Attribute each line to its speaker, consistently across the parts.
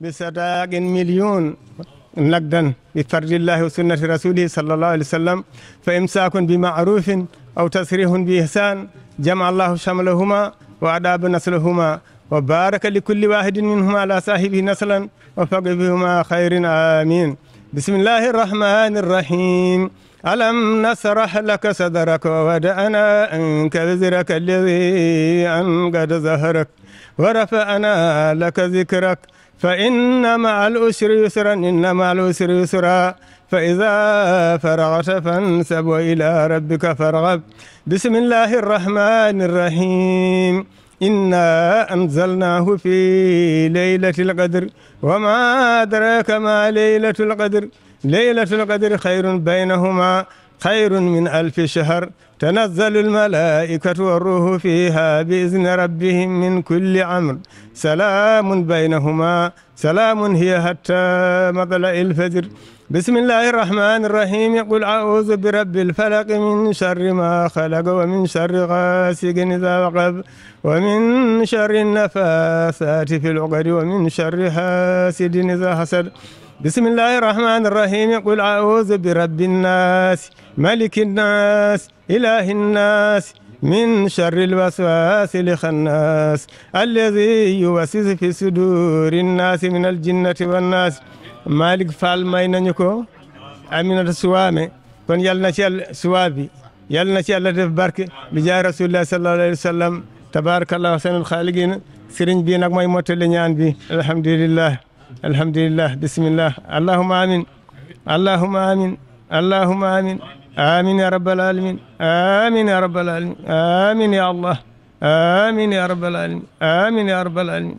Speaker 1: بسداق مليون نقدا بفرج الله وسنة رسوله صلى الله عليه وسلم فإمساك بمعروف أو تسريح بإحسان جمع الله شملهما وأداب نسلهما وبارك لكل واحد منهما على صاحبه نسلا وفق بهما خير آمين بسم الله الرحمن الرحيم ألم نسرح لك صدرك وودأنا أنك وزرك الذي أنقذ ظهرك ورفعنا لك ذكرك فإن مع العسر يسرا إن مع العسر يسرا فإذا فرغت فانسب إلى ربك فارغب بسم الله الرحمن الرحيم إنا أنزلناه في ليلة القدر وما أدراك ما ليلة القدر ليلة القدر خير بينهما خير من ألف شهر tanazzalu almalaikatu warruhu fiha biizni rabbihim min kulli amr salaamun baynahuma salaamun hiya hatta matla'i alfajr bismillahi irrahmani irrahimi qul audu birabbi alfalaqi min charri ma xalaqa wa min charri gaasiqin idaa waqab wa min charri nafaasaati fi luqadi wa min charri haasidin idaa hasad بسم الله الرحمن الرحيم قل أعوذ برب الناس ملك الناس إله الناس من شر الوسواس لخناس الذي يوسوس في صدور الناس من الجنة والناس مالك فال may nañu ko Aminata Suwaame kon yal na ci Yàlla suwaa bi yal na ci Yàlla def barke bi jaay rasulillah sallallahu alayhi wa sallam tabaarakallahu ahsanul xaaliqiin sëriñ bi nag mooy mottali ñaan bi alhamdulillah alhamdulillah bismillah allahuma amin allahuma amin allahuma amin amin ya rabbal alamin amin ya rabbal alamin amin ya allah amin ya rabbal alamin amin ya rabbal alamin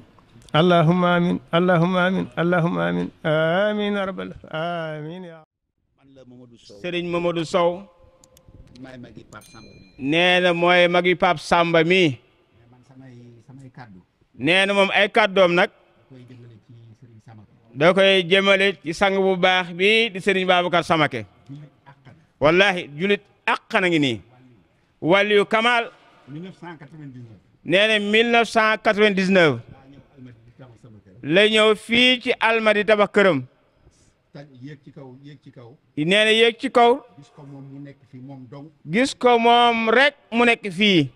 Speaker 1: allahuma amin allahuma amin allahuma amin amin ya rabbal amin ya
Speaker 2: Sëriñ Mamadou Sow nee na mooy magi Pape Samba mi nee na moom ay kàddoom nag da koy jëmale ci sang bu baax bi di sëriñ Babacar Samake wallahi julit àq na ngi nii wàlliyu Kamal nee na 1999 la ñëw fii ci almadi tabax këram yéeg ci kaw yéeg ci kaw nee yéeg ci kaw gis ko moom mu gis ko moom mu nekk fii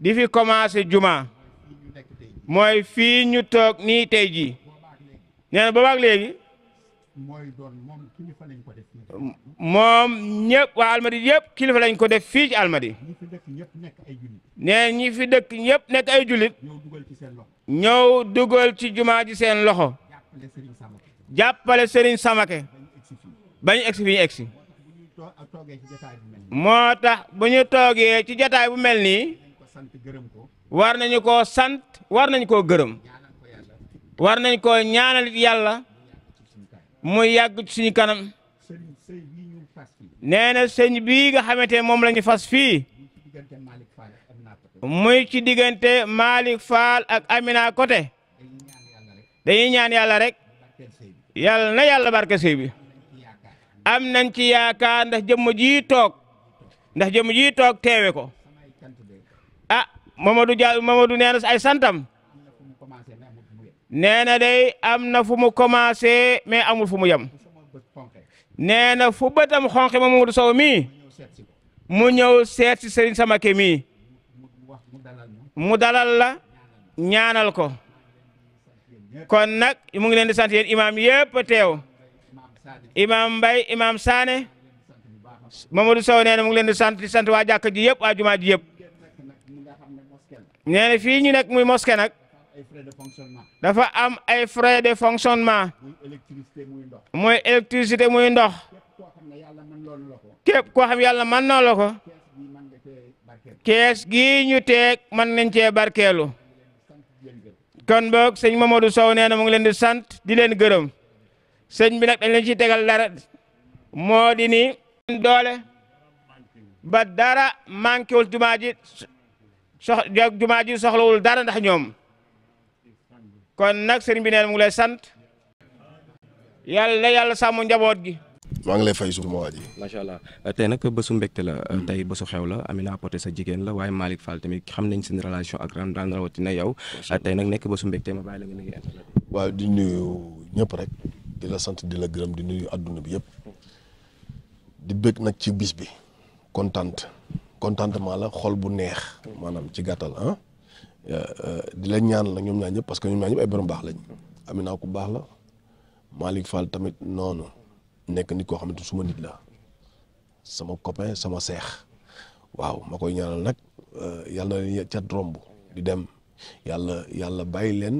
Speaker 2: di fi commencé juma mooy fii ñu nii tey jii nee na boobaag léegi. mooy moom kilifa lañ ko def. moom Almadi yëpp kilifa lañ ko def fii ci Almadi. ñi fi dëkk ñëpp nekk ay jullit. nee ñi fi dëkk ñëpp nekk ay jullit. ñëw dugal ci seen loxo. ñëw ci jumaa ji seen loxo. jàppale Serigne Samake. jàppale Serigne Samake. bañ egsi fi ñu egsi. Ah, moo tax bu ñu toogee ci jataay bu mel nii. war nañu ko sant war nañu koo gërëm. war nañ ko ñaanal yàlla muy yàgg ci suñu kanam nee na sëñ bii nga xamante moom la fas fii muy ci diggante Malick Fall ak Amina Koté dañuy ñaan yàlla rek yàlla na yàlla barke sëy bi am nañ ci yaakaar ndax jëmm ji toog ndax jëmm ji toog teewe ko ah Mamadou Dia Mamadou nee ay santam nee na day am na fu mu commencé mais amul fu mu yem nee na fu bëtam xonqe ma Mamadou Sow mii mu ñëw seet si Serigne Samake mii mu dalal la ñaanal ko kon nag mu ngi leen di sant yéen imaam yëpp teew imaam Mbaye imaam Sané Mamadou mu ngi leen di sant di sant waa jàkka ji yëpp waa jumaa ji yëpp nee muy moské nag. dafa am ay frais de fonctionnement mooy électricité muy ndox képp koo xam yàlla mën na la ko kees gii ñu teeg mën nañ cee barkeelu kon boog sëñ Mamadou Sow nee na mu ngi leen di sant di leen gërëm sëñ bi nag dañ leen ciy tegal dara moo di ni doole ba dara manqué wul jumaa ji sox jumaa ji soxlawul dara ndax ñoom kon nag sëriñ bi neen mu ngi lay sant yàlla na yàlla sàmm njaboot gi.
Speaker 3: maa ngi lay fay suma waa yi macha allah euh, tey nag bésu mbégte la euh, tey bésu xew la naa Poté sa jigéen la waaye Malick Fall tamit xam nañ seen relation ak ran daan na yow tey nag nekk bésu mbégte ma bàyyi la nga nuyu internet. waaw di nuyu ñëpp rek di la sant di la gërëm di nuyu adduna bi yëpp di bëgg nag ci bis bi kontaan contentement la xol bu neex maanaam ci gàttal ah. di leen ñaan la ñoom ñaar ñëpp parce que ñoom ñaar ñëpp ay borom baax lañ naa ku baax la Malick Fall tamit noonu nekk nit koo xamante suma nit la sama copain sama seex waaw ma koy ñaanal nag eh, yàlla na leen cat romb di dem yàlla yàlla bàyyi leen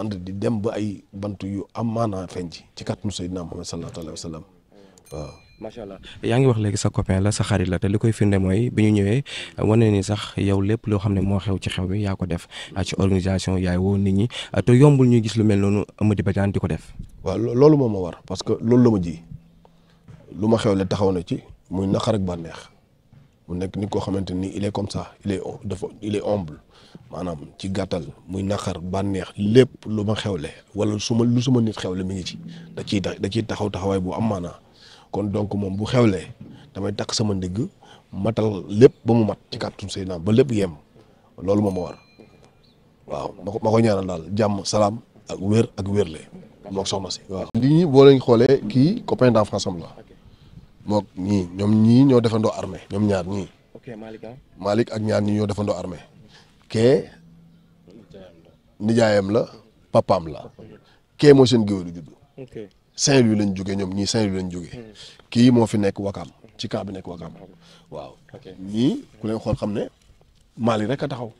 Speaker 3: ànd di dem ba ay bant yu am maanaa feeñ ci ci kàttanu Seydina Muhammad sallallahu alayhi wa sallam waaw macha allah yaa ngi wax léegi sa copain la sa xarit la te li koy firnde mooy bi ñu ñëwee wane ni sax yow lépp loo xam ne moo xew ci xew bi yaa ko def ah, ci organisation yaay woo nit ñi ah, te yombul ñuy gis lu mel noonu Amady Badiane di ko def. waaw loolu moom ma war parce que loolu la ma ji lu ma xew le taxaw na ci muy naqar bànneex mu nekk nit koo xamante ni il comme ça il dafa il est maanaam ci gàttal muy naqar bànneex lépp lu ma xewle wala su ma lu xew le mi ngi ci da ciy da ciy taxaw taxawaay bu am maanaa kon donc moom bu xewlee damay takk sama ndigg matal lépp ba mu mat ci kàttu Seydina ba lépp yem loolu moom ma war waaw ma ko ma ko ñaanal daal jàmm salaam ak wér ak wérle mook soxna si waaw. boo leen xoolee kii copain d'enfance am la ñii ñoom ñii ñoo defandoo armee ñoom ñaar ñii. ok Malick ak ñaar ñii ñoo defandoo armée kee nijaayam la papaam la kee mooy seen géwélu juddu. Saint-Louis lañ jógee ñoom ñii Saint-Louis lañ jógee. Hmm. kii moo fi nekk Wakaam ci kaa bi nekk Wakaam. Hmm. waaw ñii ku leen xool xam ne Mali rek a taxaw.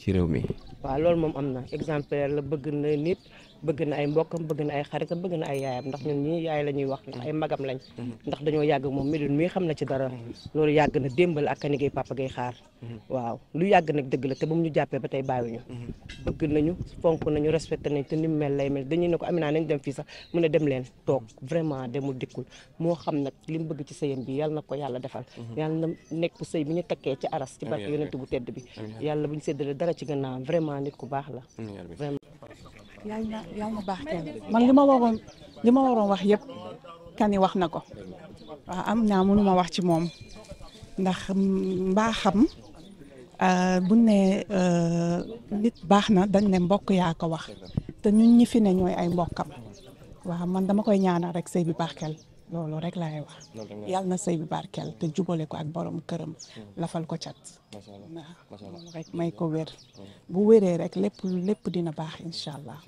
Speaker 3: ci réew mi.
Speaker 2: waaw loolu moom am na exemplaire la bëgg na nit bëgg na ay bokk bëgg na ay xaritam bëgg na ay yaayam ndax ñun ñii yaay la ñuy wax ndax ay magam lañ mm-hmm. ndax dañoo yàgg moom Médoune mii xam na ci dara mm-hmm. loolu yàgg na démbal ak kani gay papa gay xaar mm-hmm. waaw lu yagg na dëgg la te bu mu ñu jàppee ba tey bàyyiwuñu bëgg nañu fonk nañu respecté nañ te ni mu mel lay mel da ne ko Amina nañ dem fii sax mu ne dem leen toog vraiment demul dikkul moo xam nag li mu bëgg ci sëyam bi yàlla na ko yàlla defal nekk sëy bi ñu takkee ci aras ci barke yonent bu tedd bi yàlla bu ñu séddale dara ci gànnaawam vraiment nit baax la yàlla na yàlla na baax kenn man li ma waroon li ma waroon wax yëpp kani wax na ko waaw am naa mënu ma wax ci moom ndax mbaaxam euh, bu ne euh, nit baax na dañ ne mbokk yaa ko wax te ñun ñi fi ne ñooy ay mbokkam waaw man dama koy ñaanal rek sëy bi barkeel loolu rek laay wax. yàlla na say bi barkeel te jubale ko ak boroom këram. Hmm. lafal ko cat. may ko wér. Hmm. bu wéree rek lépp lépp dina baax incha allah.